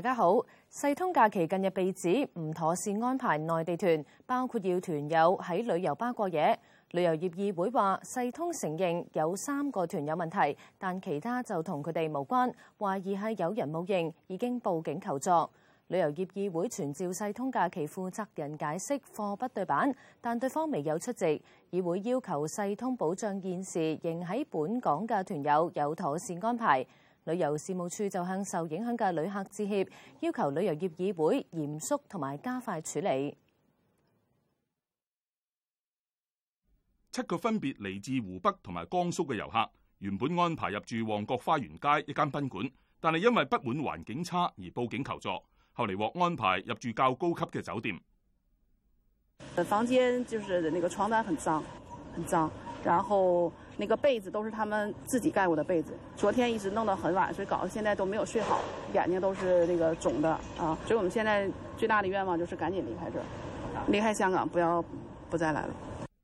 大家好，世通假期近日被指唔妥善安排內地團，包括要團友喺旅遊巴過夜。旅遊業議會話，世通承認有三個團有問題，但其他就同佢哋無關，懷疑係有人冇認，已經報警求助。旅遊業議會傳召世通假期負責人解釋貨不對版，但對方未有出席。議會要求世通保障現時仍喺本港嘅團友有妥善安排。旅遊事務處就向受影響嘅旅客致歉，要求旅遊業議會嚴肅同埋加快處理。七個分別嚟自湖北同埋江蘇嘅遊客，原本安排入住旺角花園街一間賓館，但係因為不滿環境差而報警求助，後嚟獲安排入住較高級嘅酒店。房間就是那個床單很髒，很髒，然後，那個被子都是他們自己蓋過的被子，昨天一直弄到很晚，所以搞到現在都沒有睡好，眼睛都是那個腫的啊。所以我們現在最大的願望就是趕緊離開這兒，離開香港，不要不再來了。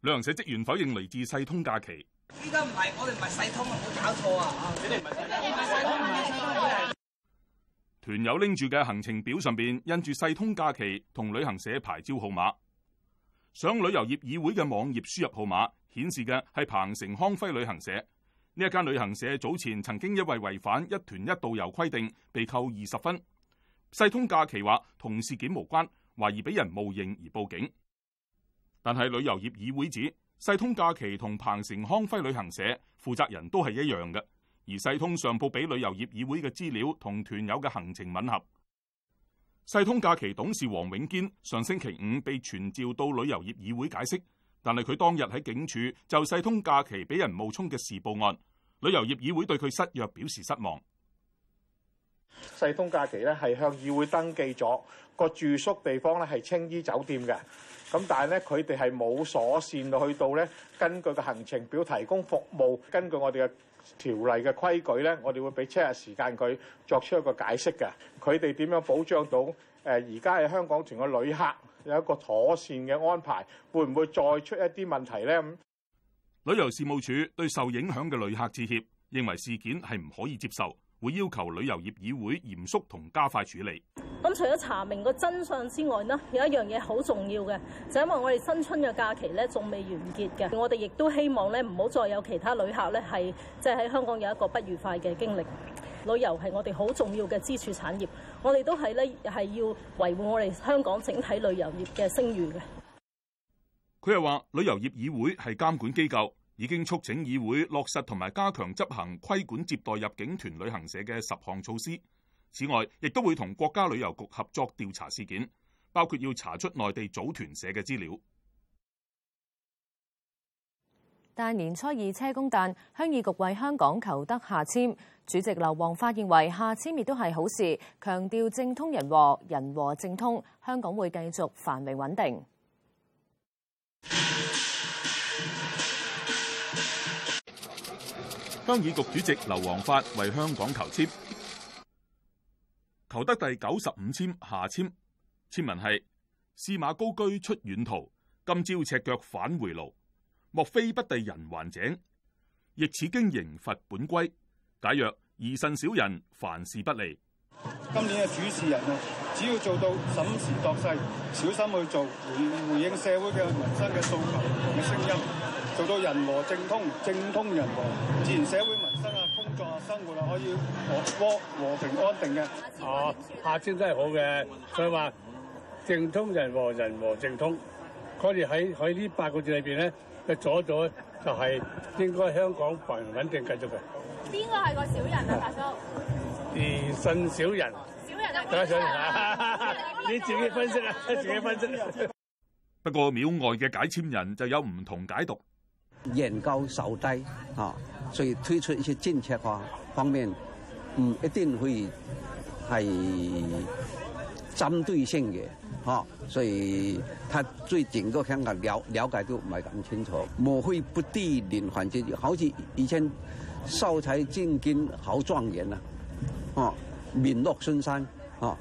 旅行社職員否認嚟自世通假期。依家唔係我哋唔係世通啊，冇搞錯啊！你哋唔係世通，啊，唔係世通。團友拎住嘅行程表上邊印住世通假期同旅行社牌照號碼。上旅遊業議會嘅網頁輸入號碼，顯示嘅係鵬城康輝旅行社。呢一間旅行社早前曾經因為違反一團一導遊規定，被扣二十分。世通假期話同事件無關，懷疑俾人冒認而報警。但係旅遊業議會指世通假期同鵬城康輝旅行社負責人都係一樣嘅，而世通上報俾旅遊業議會嘅資料同團友嘅行程吻合。世通假期董事王永堅上星期五被傳召到旅遊業議會解釋，但係佢當日喺警署就世通假期俾人冒充嘅事報案，旅遊業議會對佢失約表示失望。世通假期咧係向議會登記咗個住宿地方咧係青衣酒店嘅，咁但係咧佢哋係冇鎖綫去到咧，根據個行程表提供服務，根據我哋嘅。條例嘅規矩咧，我哋會俾七日時間佢作出一個解釋嘅。佢哋點樣保障到誒而家喺香港團嘅旅客有一個妥善嘅安排？會唔會再出一啲問題咧？咁旅遊事務處對受影響嘅旅客致歉，認為事件係唔可以接受。會要求旅遊業議會嚴肅同加快處理。咁除咗查明個真相之外呢，有一樣嘢好重要嘅，就因為我哋新春嘅假期呢仲未完結嘅，我哋亦都希望呢唔好再有其他旅客呢係即係喺香港有一個不愉快嘅經歷。旅遊係我哋好重要嘅支柱產業，我哋都係呢係要維護我哋香港整體旅遊業嘅聲譽嘅。佢又話，旅遊業議會係監管機構。已經促請議會落實同埋加強執行規管接待入境團旅行社嘅十項措施。此外，亦都會同國家旅遊局合作調查事件，包括要查出內地組團社嘅資料。大年初二車公誕，鄉議局為香港求得下簽。主席劉皇發認為下簽亦都係好事，強調政通人和，人和政通，香港會繼續繁榮穩定。 鄉議局主席劉皇發為香港求籤，求得第九十五籤，下籤，籤文係：司馬高居出遠途，今朝赤腳返回路，莫非不地人還井？亦此經營佛本歸，解若疑慎小人，凡事不利。今年嘅主事人啊,只要做到審時度勢，小心去做，回回應社會嘅民生嘅訴求同聲音。做到人和政通，政通人和，自然社會民生啊，工作啊，生活啊可以和和和平安定嘅。啊，下簽真係好嘅，所以話政通人和，人和政通。佢哋喺喺呢八個字裏面咧嘅咗咗。做做就係應該香港繁榮穩定繼續嘅。邊個係個小人啊，達叔？自信小人。小人啊！家 你自己分析啊，自己分析。不過廟外嘅解簽人就有唔同解讀。眼高手低，啊，所以推出一些政策化方面，唔一定會係針對性嘅，嚇，所以他對整個香港了了解都唔係咁清楚。莫非不地年環境好似以前秀才進京考狀元啊，哦，名落孫山，哦，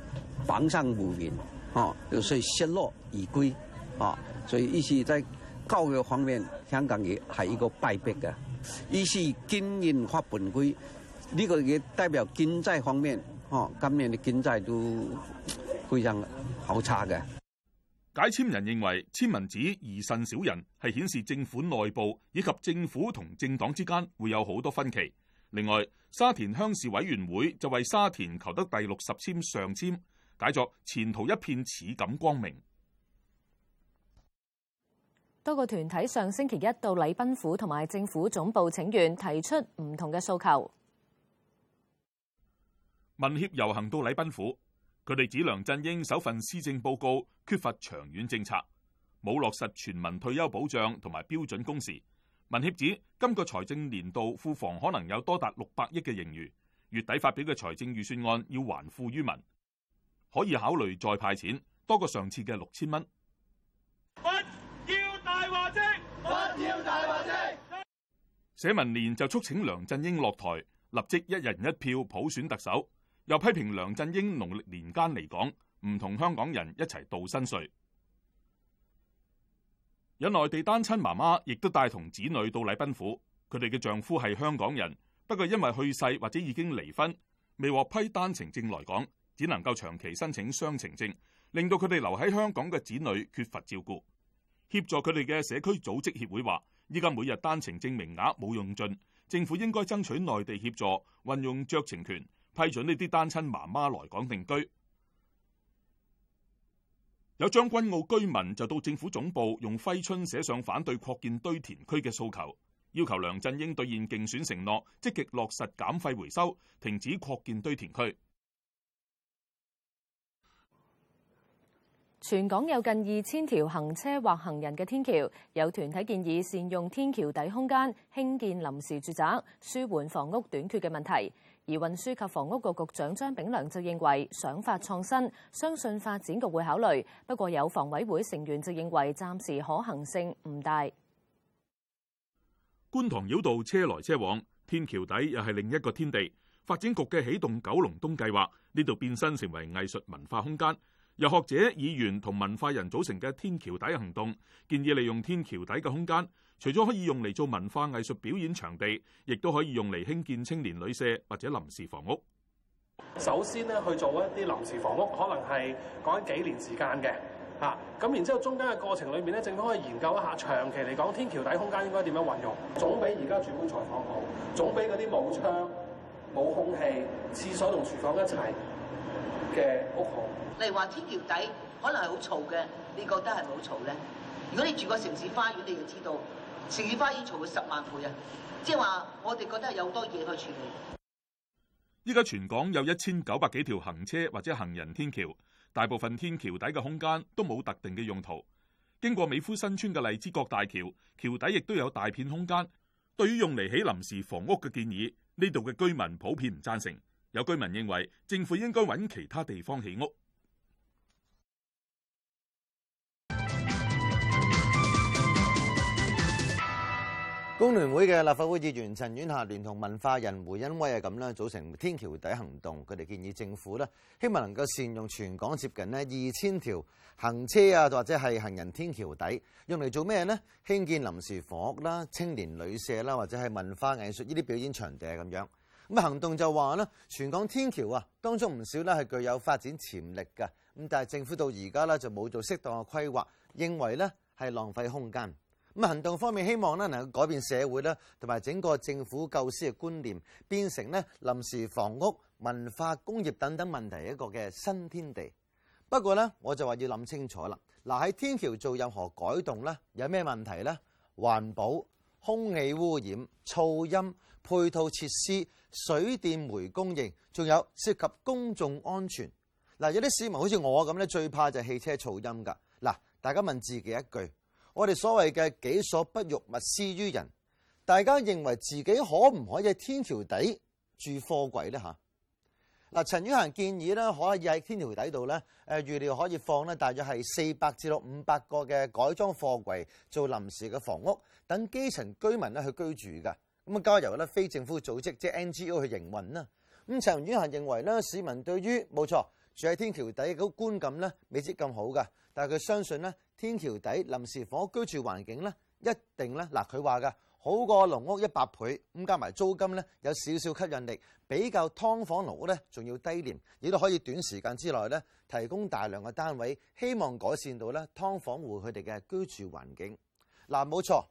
榜上無名，哦，所以失落而歸。啊，所以依時在。教育方面，香港亦係一個敗筆嘅。於是經營發崩潰，呢、這個嘢代表經濟方面，哦，今年嘅經濟都非常好差嘅。解簽人認為，簽文指疑慎小人，係顯示政府內部以及政府同政黨之間會有好多分歧。另外，沙田鄉事委員會就為沙田求得第六十簽上簽，解作前途一片似錦光明。多個團體上星期一到禮賓府同埋政府總部請願，提出唔同嘅訴求。民協遊行到禮賓府，佢哋指梁振英首份施政報告缺乏長遠政策，冇落實全民退休保障同埋標準工時。民協指今個財政年度庫房可能有多達六百億嘅盈餘，月底發表嘅財政預算案要還富於民，可以考慮再派錢，多過上次嘅六千蚊。社民連就促請梁振英落台，立即一人一票普選特首，又批評梁振英農曆年間離港，唔同香港人一齊度歲。有內地單親媽媽亦都帶同子女到禮賓府，佢哋嘅丈夫係香港人，不過因為去世或者已經離婚，未獲批單程證來港，只能夠長期申請雙程證，令到佢哋留喺香港嘅子女缺乏照顧。協助佢哋嘅社區組織協會話：依家每日單程證名額冇用盡，政府應該爭取內地協助，運用酌情權批准呢啲單親媽媽來港定居。有將軍澳居民就到政府總部用揮春寫上反對擴建堆填區嘅訴求，要求梁振英兌現競選承諾，積極落實減費回收，停止擴建堆填區。全港有近二千條行車或行人嘅天橋，有團體建議善用天橋底空間興建臨時住宅，舒緩房屋短缺嘅問題。而運輸及房屋局局長張炳良就認為想法創新，相信發展局會考慮。不過有房委會成員就認為暫時可行性唔大。觀塘繞道車來車往，天橋底又係另一個天地。發展局嘅起動九龍東計劃，呢度變身成為藝術文化空間。由學者、議員同文化人組成嘅天橋底行動建議，利用天橋底嘅空間，除咗可以用嚟做文化藝術表演場地，亦都可以用嚟興建青年旅舍或者臨時房屋。首先咧，去做一啲臨時房屋，可能係講幾年時間嘅嚇。咁然之後中間嘅過程裏面咧，政府可以研究一下長期嚟講天橋底空間應該點樣運用，總比而家住滿採訪好，總比嗰啲冇窗冇空氣、廁所同廚房一齊。嘅屋房，例如話天橋底可能係好嘈嘅，你覺得係咪好嘈咧？如果你住過城市花園，你就知道城市花園嘈咗十萬倍啊！即係話我哋覺得係有好多嘢去處理。依家全港有一千九百幾條行車或者行人天橋，大部分天橋底嘅空間都冇特定嘅用途。經過美孚新村嘅荔枝角大橋，橋底亦都有大片空間。對於用嚟起臨時房屋嘅建議，呢度嘅居民普遍唔贊成。有居民認為政府應該揾其他地方起屋。工聯會嘅立法會議員陳婉霞聯同文化人胡恩威呀，咁啦，組成天橋底行動。佢哋建議政府呢，希望能夠善用全港接近呢二千條行車啊，或者係行人天橋底，用嚟做咩呢？興建臨時房屋啦、青年旅舍啦，或者係文化藝術呢啲表演場地咁樣。咁行動就話咧，全港天橋啊，當中唔少咧係具有發展潛力嘅。咁但係政府到而家咧就冇做適當嘅規劃，認為咧係浪費空間。咁行動方面希望咧能夠改變社會咧同埋整個政府構思嘅觀念，變成咧臨時房屋、文化、工業等等問題一個嘅新天地。不過咧，我就話要諗清楚啦。嗱喺天橋做任何改動咧，有咩問題咧？環保。空氣污染、噪音、配套設施、水電煤供應，仲有涉及公眾安全。嗱，有啲市民好似我咁咧，最怕就係汽車噪音噶。嗱，大家問自己一句：我哋所謂嘅己所不欲，勿施於人。大家認為自己可唔可以喺天橋底住貨櫃呢？吓？嗱，陳婉嫻建議咧，可以喺天橋底度咧，誒預料可以放咧大約係四百至到五百個嘅改裝貨櫃做臨時嘅房屋，等基層居民咧去居住嘅。咁啊，交由咧非政府組織即係 NGO 去營運啦。咁陳婉嫻認為咧，市民對於冇錯住喺天橋底嗰個觀感咧，未必咁好嘅，但係佢相信咧，天橋底臨時房屋居住環境咧，一定咧，嗱佢話嘅。好過農屋一百倍，咁加埋租金呢有少少吸引力，比較劏房農屋仲要低廉，亦都可以短時間之內呢提供大量嘅單位，希望改善到咧劏房戶佢哋嘅居住環境。嗱，冇錯，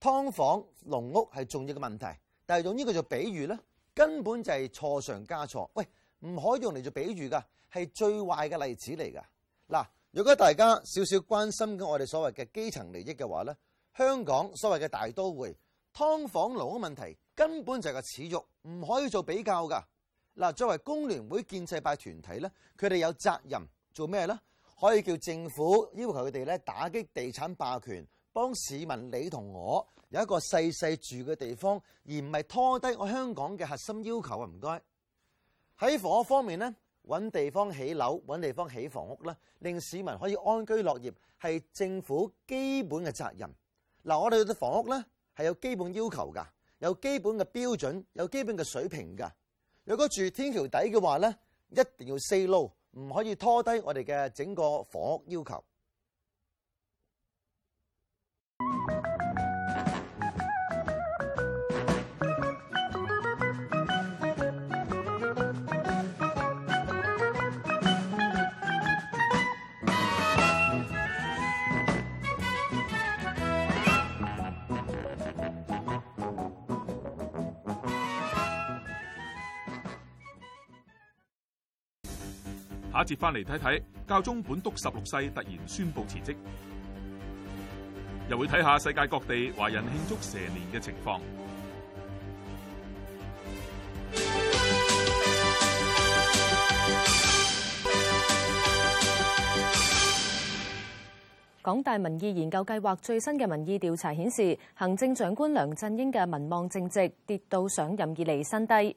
劏房農屋係重要嘅問題，但係用呢個做比喻呢根本就係錯上加錯。喂，唔可以用嚟做比喻㗎，係最壞嘅例子嚟㗎。嗱，如果大家少少關心緊我哋所謂嘅基層利益嘅話呢香港所謂嘅大都會劏房奴嘅問題根本就係個恥辱，唔可以做比較㗎。作為工聯會建制派團體咧，佢哋有責任做咩呢？可以叫政府要求佢哋咧，打擊地產霸權，幫市民你同我有一個細細住嘅地方，而唔係拖低我香港嘅核心要求啊。唔該喺房屋方面呢，揾地方起樓，揾地方起房屋啦，令市民可以安居樂業，係政府基本嘅責任。嗱，我哋對房屋咧係有基本要求㗎，有基本嘅標準，有基本嘅水平㗎。如果住天橋底嘅話咧，一定要四路，唔可以拖低我哋嘅整個房屋要求。接翻嚟睇睇，教宗本篤十六世突然宣布辭職，又會睇下世界各地華人慶祝蛇年嘅情況。港大民意研究計劃最新嘅民意調查顯示，行政長官梁振英嘅民望正值跌到上任以嚟新低。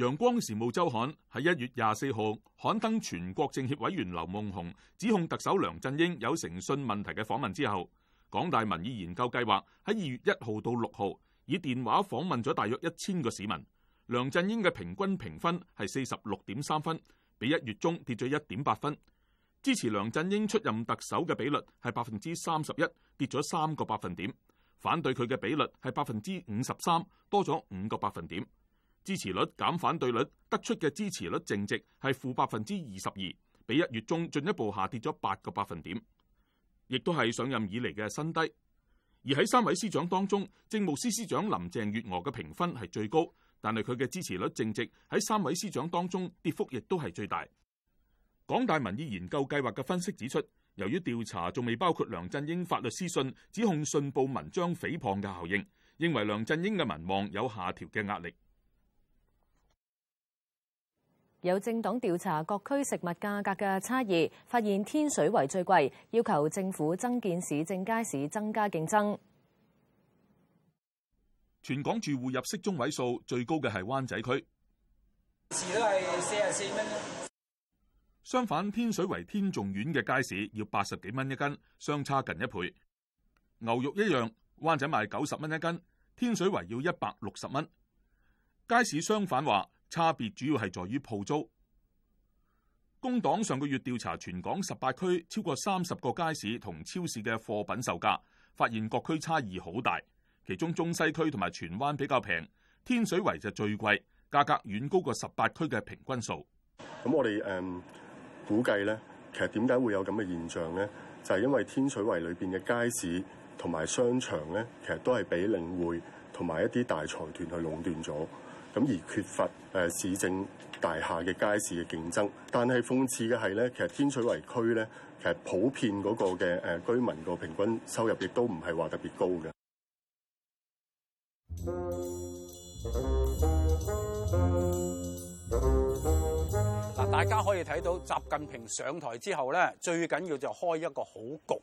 《陽光時務周刊》喺一月廿四號刊登全國政協委員劉夢熊指控特首梁振英有誠信問題嘅訪問之後，港大民意研究計劃喺二月一號到六號以電話訪問咗大約一千個市民。梁振英嘅平均評分係四十六點三分，比一月中跌咗一點八分。支持梁振英出任特首嘅比率係百分之三十一，跌咗三個百分點；反對佢嘅比率係百分之五十三，多咗五個百分點。支持率減反對率得出嘅支持率淨值係負百分之二十二，比一月中進一步下跌咗八個百分點，亦都係上任以嚟嘅新低。而喺三位司長當中，政務司司長林鄭月娥嘅評分係最高，但係佢嘅支持率淨值喺三位司長當中跌幅亦都係最大。港大民意研究計劃嘅分析指出，由於調查仲未包括梁振英法律師信指控信報文章誹謗嘅效應，認為梁振英嘅民望有下調嘅壓力。有政黨調查各區食物價格嘅差異，發現天水圍最貴，要求政府增建市政街市，增加競爭。全港住戶入息中位數最高嘅係灣仔區，市都係四十四蚊。相反，天水圍天頌苑嘅街市要八十幾蚊一斤，相差近一倍。牛肉一樣，灣仔賣九十蚊一斤，天水圍要一百六十蚊。街市商販話。差別主要係在於鋪租。工黨上個月調查全港十八區超過三十個街市同超市嘅貨品售價，發現各區差異好大。其中中西區同埋荃灣比較平，天水圍就最貴，價格遠高過十八區嘅平均數。咁我哋誒估計呢，其實點解會有咁嘅現象呢？就係因為天水圍裏邊嘅街市同埋商場呢，其實都係俾領匯同埋一啲大財團去壟斷咗。咁而缺乏誒市政大廈嘅街市嘅競爭，但係諷刺嘅係咧，其實天水圍區咧，其實普遍嗰個嘅誒居民個平均收入亦都唔係話特別高嘅嗱。大家可以睇到習近平上台之後咧，最緊要就開一個好局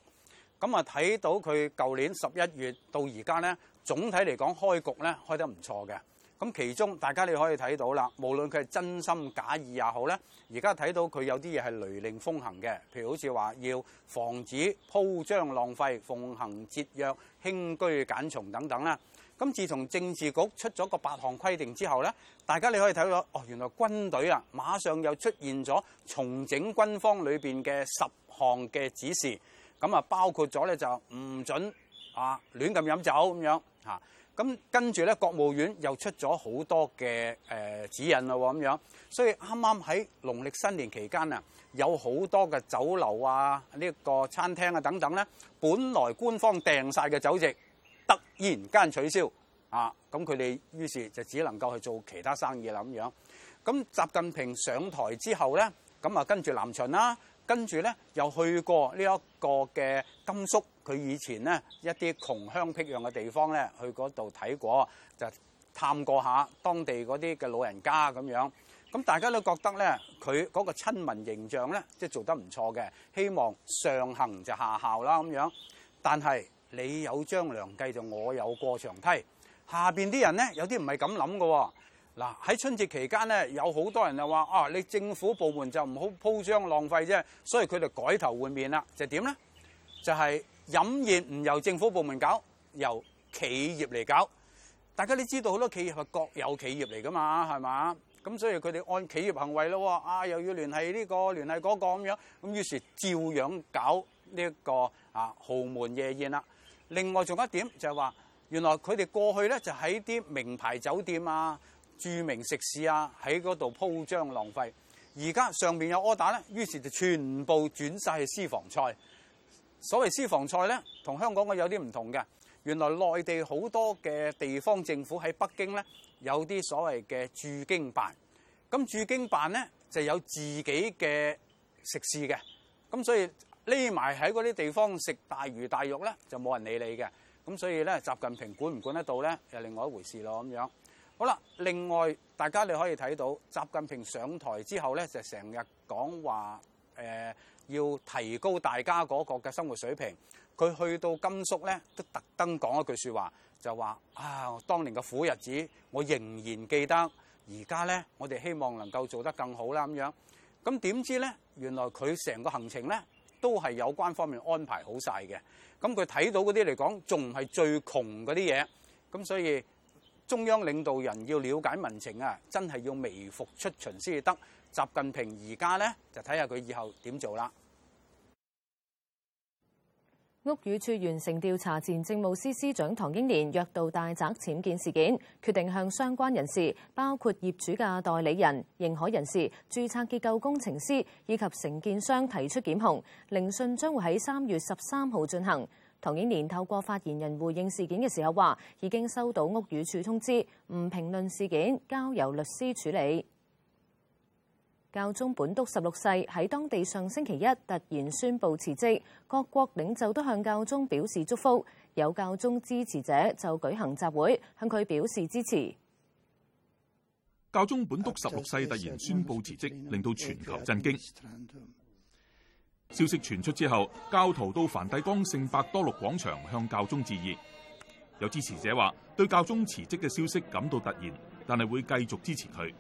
咁啊。睇到佢舊年十一月到而家咧，總體嚟講開局咧開得唔錯嘅。咁其中大家你可以睇到啦，無論佢係真心假意也好咧，而家睇到佢有啲嘢係雷厲風行嘅，譬如好似話要防止鋪張浪費、奉行節約、輕居簡從等等啦。咁自從政治局出咗個八項規定之後咧，大家你可以睇到哦，原來軍隊啊，馬上又出現咗重整軍方裏面嘅十項嘅指示，咁啊包括咗咧就唔準啊亂咁飲酒咁樣嚇。咁跟住咧，國務院又出咗好多嘅誒指引咯咁樣，所以啱啱喺農曆新年期間啊，有好多嘅酒樓啊、呢個餐廳啊等等咧，本來官方訂晒嘅酒席突然間取消啊，咁佢哋於是就只能夠去做其他生意啦咁樣。咁習近平上台之後咧，咁啊跟住南巡啦。跟住呢，又去過呢一個嘅甘肅，佢以前呢，一啲窮鄉僻壤嘅地方呢，去嗰度睇過，就探過下當地嗰啲嘅老人家咁樣。咁大家都覺得呢，佢嗰個親民形象呢，即係做得唔錯嘅。希望上行就下效啦咁樣。但係你有張良計就我有過牆梯，下面啲人呢，有啲唔係咁諗嘅喎。嗱，喺春節期間咧，有好多人就話：啊，你政府部門就唔好鋪張浪費啫。所以佢哋改頭換面啦，就點呢？就係飲宴唔由政府部門搞，由企業嚟搞。大家都知道好多企業係國有企業嚟噶嘛，係嘛？咁所以佢哋按企業行為咯，啊又要聯繫呢個聯繫嗰個咁樣咁，於是照樣搞呢一個啊豪門夜宴啦。另外仲有一點就係話，原來佢哋過去呢，就喺啲名牌酒店啊。著名食肆啊，喺嗰度鋪張浪費，而家上面有 order 咧，於是就全部轉晒去私房菜。所謂私房菜咧，同香港嘅有啲唔同嘅。原來內地好多嘅地方政府喺北京咧，有啲所謂嘅駐京辦，咁駐京辦咧就有自己嘅食肆嘅。咁所以匿埋喺嗰啲地方食大魚大肉咧，就冇人理你嘅。咁所以咧，習近平管唔管得到咧，又另外一回事咯，咁樣。好啦，另外大家你可以睇到，習近平上台之後咧，就成日講話誒，要提高大家嗰個嘅生活水平。佢去到甘肅咧，都特登講一句說話，就話啊，當年嘅苦日子，我仍然記得。而家咧，我哋希望能夠做得更好啦，咁樣。咁點知咧，原來佢成個行程咧，都係有關方面安排好晒嘅。咁佢睇到嗰啲嚟講，仲係最窮嗰啲嘢。咁所以，中央領導人要了解民情啊，真係要微服出巡先至得。習近平而家呢，就睇下佢以後點做啦。屋宇署完成調查前，政務司司長唐英年約道大宅僭建事件，決定向相關人士，包括業主嘅代理人、認可人士、註冊結構工程師以及承建商提出檢控，聆訊將會喺三月十三號進行。唐英年透過發言人回應事件嘅時候話，已經收到屋宇署通知，唔評論事件，交由律師處理。教宗本篤十六世喺當地上星期一突然宣布辭職，各國領袖都向教宗表示祝福，有教宗支持者就舉行集會，向佢表示支持。教宗本篤十六世突然宣布辭職，令到全球震驚。消息傳出之後，教徒到梵蒂岡聖伯多祿廣場向教宗致意。有支持者話：對教宗辭職嘅消息感到突然，但係會繼續支持佢。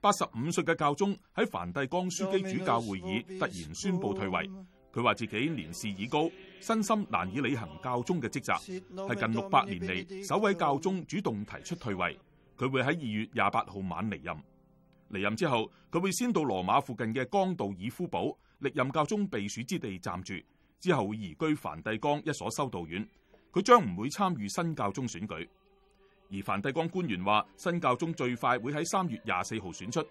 八十五歲嘅教宗喺梵蒂岡樞機主教會議突然宣布退位。佢話自己年事已高，身心難以履行教宗嘅職責，係近六百年嚟首位教宗主動提出退位。佢會喺二月廿八號晚離任。離任之後，佢會先到羅馬附近嘅江道爾夫堡，歷任教宗避暑之地暫住，之後會移居梵蒂岡一所修道院。佢將唔會參與新教宗選舉。而梵蒂岡官員話，新教宗最快會喺三月廿四號選出。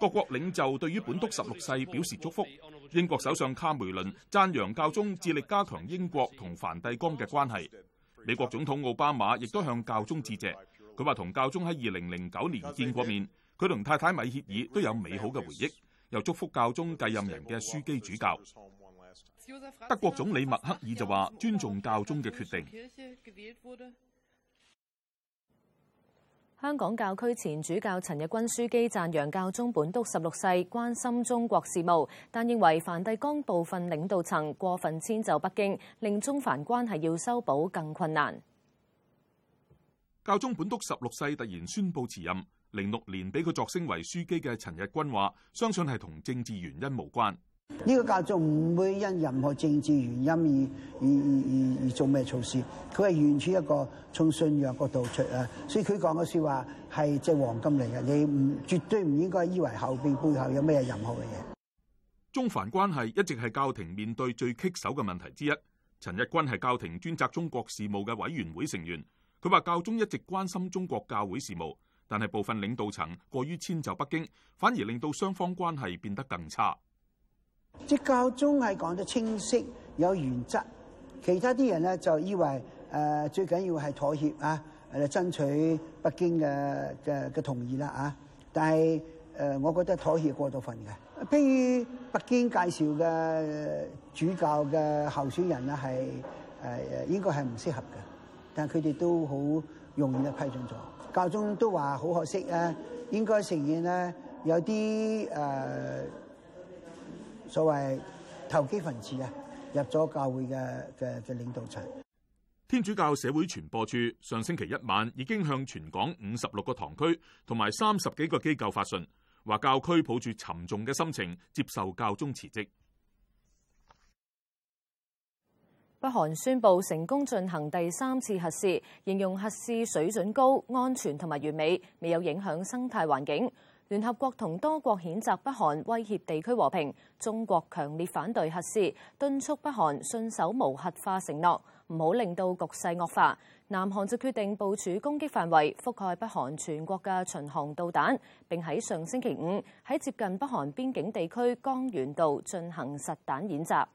各國領袖對於本篤十六世表示祝福。英國首相卡梅倫讚揚教宗致力加強英國同梵蒂岡嘅關係。美國總統奧巴馬亦都向教宗致謝。佢話同教宗喺二零零九年見過面，佢同太太米歇爾都有美好嘅回憶。又祝福教宗繼任人嘅樞機主教，德國總理默克爾就話尊重教宗嘅決定。香港教區前主教陳日君樞機讚揚教宗本篤十六世關心中國事務，但認為梵蒂岡部分領導層過分遷就北京，令中梵關係要修補更困難。教宗本篤十六世突然宣布辭任。零六年俾佢擢升為樞機嘅陳日君話：相信係同政治原因無關呢、這個教宗唔會因任何政治原因而而而而而做咩措施。佢係完全一個從信仰角度出啊，所以佢講嘅說話係即係黃金嚟嘅。你唔絕對唔應該以為後邊背後有咩任何嘅嘢。中梵關係一直係教廷面對最棘手嘅問題之一。陳日君係教廷專責中國事務嘅委員會成員，佢話教宗一直關心中國教會事務。但係部分領導層過於遷就北京，反而令到雙方關係變得更差。教宗係講得清晰有原則，其他啲人咧就以為誒、呃、最緊要係妥協啊，誒爭取北京嘅嘅嘅同意啦啊！但係誒、呃，我覺得妥協過度份嘅。譬如北京介紹嘅主教嘅候選人咧係誒應該係唔適合嘅，但係佢哋都好容易就批准咗。教宗都話好可惜啊，應該承認咧有啲誒、呃、所謂投機分子啊入咗教會嘅嘅嘅領導層。天主教社會傳播處上星期一晚已經向全港五十六個堂區同埋三十幾個機構發信，話教區抱住沉重嘅心情接受教宗辭職。北韓宣布成功進行第三次核試，形容核試水準高、安全同埋完美，未有影響生態環境。聯合國同多國譴責北韓威脅地區和平。中國強烈反對核試，敦促北韓信守無核化承諾，唔好令到局勢惡化。南韓就決定部署攻擊範圍覆蓋北韓全國嘅巡航導彈，並喺上星期五喺接近北韓邊境地區江原道進行實彈演習。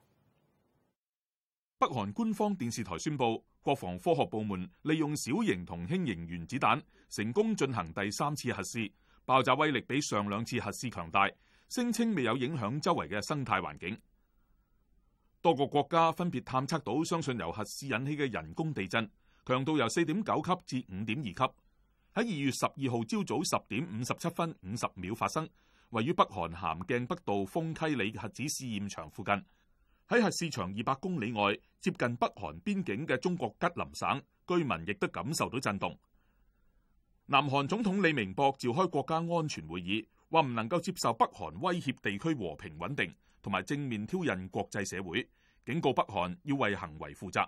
北韓官方電視台宣布，國防科學部門利用小型同輕型原子彈成功進行第三次核試，爆炸威力比上兩次核試強大，聲稱未有影響周圍嘅生態環境。多個國家分別探測到相信由核試引起嘅人工地震，強度由四點九級至五點二級，喺二月十二號朝早十點五十七分五十秒發生，位於北韓咸鏡北道豐溪里核子試驗場附近。喺核試場二百公里外，接近北韓邊境嘅中國吉林省居民亦都感受到震動。南韓總統李明博召開國家安全會議，話唔能夠接受北韓威脅地區和平穩定，同埋正面挑釁國際社會，警告北韓要為行為負責。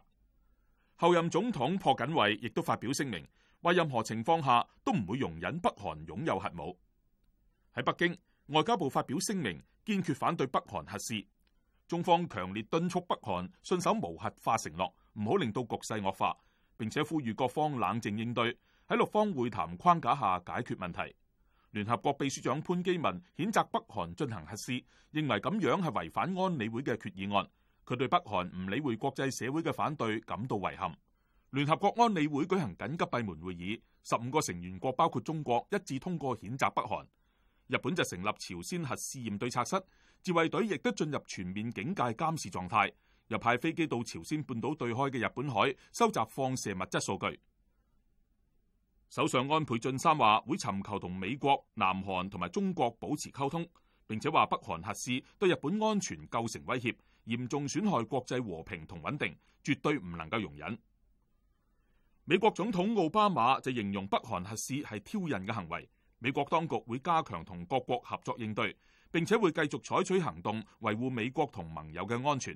後任總統朴槿惠亦都發表聲明，話任何情況下都唔會容忍北韓擁有核武。喺北京，外交部發表聲明，堅決反對北韓核試。中方強烈敦促北韓信守無核化承諾，唔好令到局勢惡化。並且呼籲各方冷靜應對，喺六方會談框架下解決問題。聯合國秘書長潘基文譴責北韓進行核試，認為咁樣係違反安理會嘅決議案。佢對北韓唔理會國際社會嘅反對感到遺憾。聯合國安理會舉行緊急閉門會議，十五個成員國包括中國一致通過譴責北韓。日本就成立朝鮮核試驗對策室。自衛隊亦都進入全面警戒監視狀態，又派飛機到朝鮮半島對開嘅日本海收集放射物質數據。首相安倍晉三話會尋求同美國、南韓同埋中國保持溝通，並且話北韓核試對日本安全構成威脅，嚴重損害國際和平同穩定，絕對唔能夠容忍。美國總統奧巴馬就形容北韓核試係挑釁嘅行為，美國當局會加強同各國合作應對。並且會繼續採取行動，維護美國同盟友嘅安全。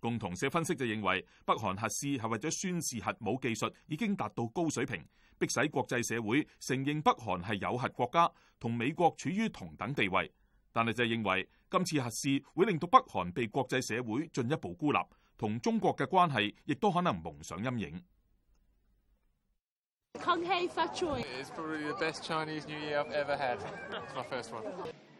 共同社分析就認為，北韓核試係為咗宣示核武技術已經達到高水平，迫使國際社會承認北韓係有核國家，同美國處於同等地位。但係就認為，今次核試會令到北韓被國際社會進一步孤立，同中國嘅關係亦都可能蒙上陰影。